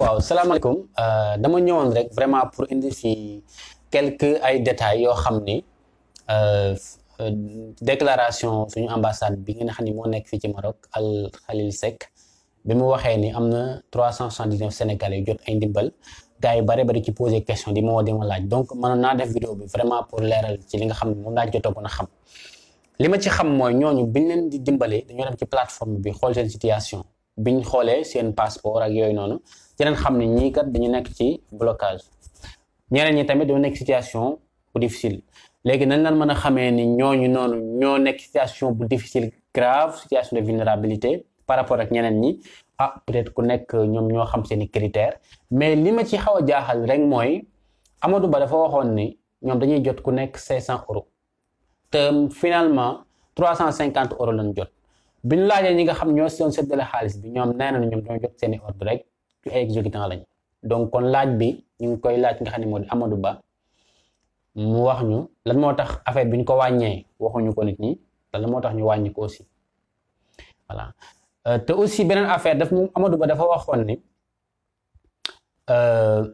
waaw salaamaaleykum euh, dama ñëwoon rek vraiment pour indi si quelques ay détails yoo xam ni euh, déclaration suñu ambassade bi nga xam ni moo nekk fii ci Maroc Al sekk Seck bi mu waxee ni am na trois cent soixante-dix-neuf Sénégalais yu jot ay ndimbal gars yi bare bari ci posé question di ma woo di ma laaj donc mënoon naa def vidéo bi vraiment pour leeral ci li nga xam ne moom laa jotagoon a xam li ma ci xam mooy ñooñu biñ leen di dimbale dañoo dem ci plateforme bi xool seen situation biñ xoolee seen passeport ak yooyu noonu ci leen xam ne ñii kat dañu nekk ci blocage ñeneen ñi tamit dañu nekk situation bu difficile léegi nañ leen mën a xamee ni ñooñu noonu ñoo nekk situation bu difficile grave situation de vulnérabilité par rapport ak ñeneen ñi ah peut ku nekk ñoom ñoo xam seeni critère mais li ma ci xaw a jaaxal rek mooy amatu Ba dafa waxoon ni ñoom dañuy jot ku nekk cent euros te finalement 350 euros lañ jot. bi ñu laajee ñi nga xam ñoo doon séddale xaalis bi ñoom nee nañu ñoom dañoo jot seeni ordre rek ci ay exécutant lañ donc kon laaj bi ñu ngi koy laaj nga xam ne moo di Amadou Ba wax ñu lan moo tax affaire bi ñu ko wàññee waxuñu ko nit ñi lan moo tax ñu wàññi ko aussi voilà euh, te aussi beneen affaire daf mu Amadou Ba dafa waxoon ni euh,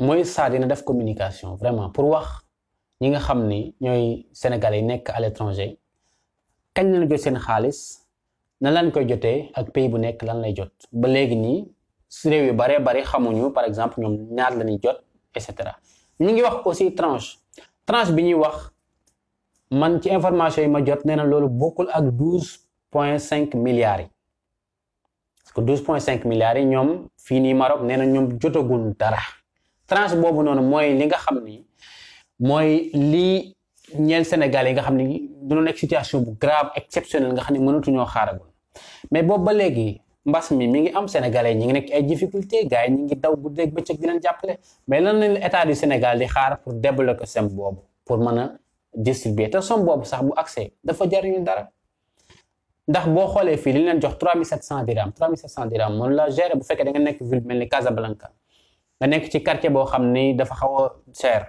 Moïse Sarr dina def communication vraiment pour wax ñi nga xam ni ñooy sénégal yi nekk à l'étranger kañ lañu jot seen xaalis. nan lañ koy jotee ak pays bu nekk lan lay jot ba léegi nii si réew yu baree bari xamuñu par exemple ñoom ñaar la ñuy jot et cetera ñu ngi wax aussi tranche tranche bi ñuy wax man ci information yi ma jot nee na loolu bokkul ak douze point cinq milliards yi parce que douze point cinq milliards yi ñoom fii nii Maroc nee na ñoom jotagun dara tranche boobu noonu mooy li nga xam ni mooy lii ñeel Sénégal yi nga xam ne dañoo nekk situation bu grave exceptionnelle nga xam ne ñoo xaaragul mais boobu ba léegi mbas mi mi ngi am sénégalais ñi ngi nekk ay difficulté gars yi ñu ngi daw guddeeg bëccëg di leen jàppale mais lan lañ état du Sénégal di xaar pour débloquer sem boobu pour mën a distribuer te som boobu sax bu accès dafa jariñu dara ndax boo xoolee fii li leen jox 3700 dirham 3700 dirham mënu la gérer bu fekkee da nga nekk ville mel ni Casablanca nga nekk ci quartier boo xam ni dafa xaw a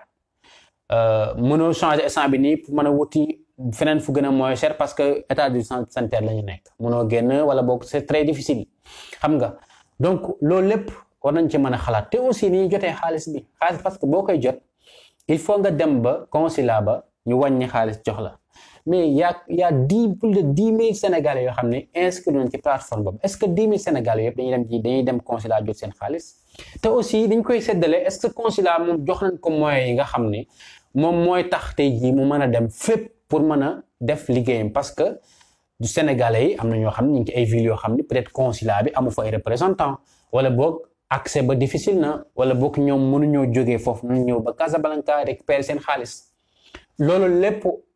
Euh, mënoo changer instant bi nii pour mën a wuti feneen fu gën a moins cher parce que état d'urgence sanitaire la ñu nekk mënoo génn wala boog c'est très difficile xam nga donc loolu lépp war nañ ci mën a xalaat te aussi ni ñu jotee xaalis bi xaalis parce que boo koy jot il faut nga dem ba consulat ba ñu wàññi xaalis jox la. mais y' a y' a dix plus de dix mille yoo xam ne inscrit nañ ci plateforme boobu est ce que dix mille sénégalais yëpp dañuy dem ci dañuy dem consulat seen xaalis te aussi dañ koy séddale est ce que consulat moom jox nañ ko moyens yi nga xam ne moom mooy tax tey jii mu mën a dem fépp pour mën a def liggéeyam parce que du sénégalais yi am na ñoo xam ne ñu ngi ci ay villes yoo xam ni peut être consulat bi amu fa ay représentant wala boog accès ba difficile na wala boog ñoom mënuñoo jógee foofu mënuñu ñëw ba Casablanca récupérer seen xaalis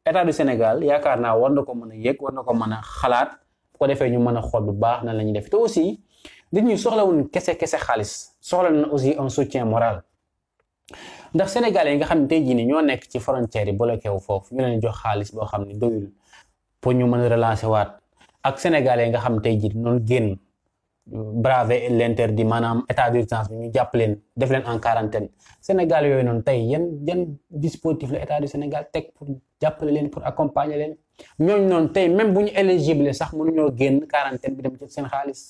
état du Sénégal yaakaar naa war na ko mën a yëg war na ko mën a xalaat bu ko defee ñu mën a xool bu baax na lañu def te aussi nit soxla soxlawuñ kese kese xaalis soxla na aussi un soutien moral ndax sénégalais yi nga xam ne tey jii ni ñoo nekk ci frontière yi bloqué wu foofu ñu leen jox xaalis boo xam ne doyul pour ñu mën a relancer waat ak sénégalais yi nga xam ne tey jii noonu génn. braver l'interdit maanaam état d'urgence bi ñu jàpp leen def leen en quarantaine Sénégal yooyu noonu tey yan yan dispositif la état du Sénégal teg pour jàppale leen pour accompagner leen ñooñu noonu tey même bu ñu éligible sax mu mënuñoo génn quarantaine bi dem ci seen xaalis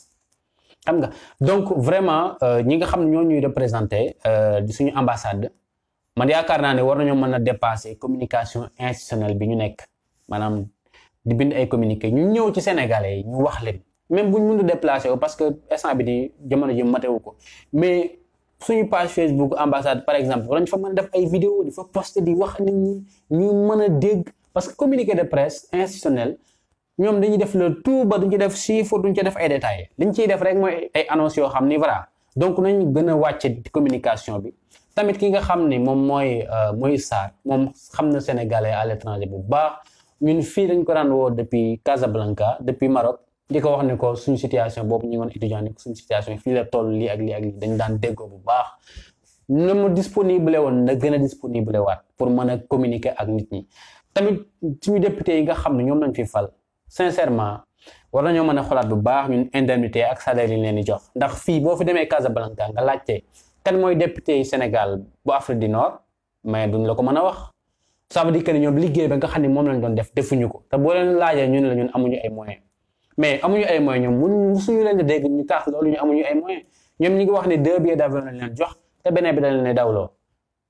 xam nga donc vraiment euh, ñi nga xam ñoo ñuy représenté euh, di suñu ambassade man yaakaar naa ne war nañoo mën a dépasser communication institutionnelle bi ñu nekk maanaam di bind ay communiqué ñu ñëw ci Sénégalais yi ñu wax leen. même bu ñu mënut déplacé wu parce que instant bi di jamono ji matewu ko mais su suñu page Facebook ambassade par exemple war fa mën a def ay vidéo di fa poster di wax nit ñi ñu mën a dégg parce que communiqué de presse institutionnel ñoom dañuy def le tout ba duñ ci def chiffre duñ ci def ay détails liñ ciy def rek mooy ay yoo xam ni voilà donc nañ gën a wàcce communication bi tamit ki nga xam ni moom mooy euh, mooy Sarr moom xam na sénégalais à l'étranger bu baax ñun fii dañ ko daan woo depuis Casablanca depuis Maroc di ko wax ne ko suñu situation boobu ñu ngi woon étudiant ne suñu situation fii la toll lii ak lii ak lii dañ daan déggoo bu baax na mu disponible woon na gën a disponible waat pour mën a communiquer ak nit ñi tamit suñu député yi nga xam ne ñoom lañ fi fal sincèrement war nañoo mën a xolaat bu baax ñun indemnité ak salaire yi leen di jox ndax boo fi demee Casablanca nga laajte kan mooy député Sénégal bu Afrique du Nord mais la ko mën a wax ça veut dire ñoom liggéey ba nga xam ne moom lañ doon def defuñu ko te boo leen laajee ñun la ñun amuñu ay moyen mais amuñu ay moyens ñoom mu suñu leen di dégg ñu taax loolu ñu amuñu ay moyens ñoom ñi ngi wax ne deux billets d'avion lañ leen jox te beneen bi dañ leen dawloo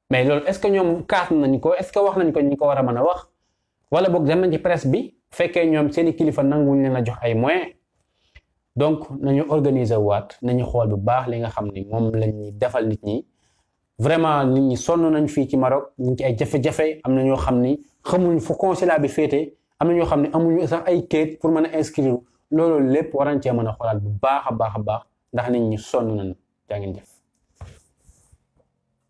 mais loolu est ce que ñoom kaas nañ ko est ce que wax nañ ko ñi ko war a mën a wax wala boog dem nañ ci presse bi fekkee ñoom seeni kilifa nanguwuñ leen a jox ay moyens donc nañu organiser waat nañu xool bu baax li nga xam ni moom lañuy defal nit ñi vraiment nit ñi sonn nañ fii ci Maroc ñu ci ay jafe-jafe am na ñoo xam ni xamuñu fu consulat bi féete am na ñoo xam ne amuñu sax ay kayit pour mën a inscrire loolu lépp war nañ cee mën a xoolaat bu baax a baax a baax ndax nit ñi sonn nañu jaa ngeen jëf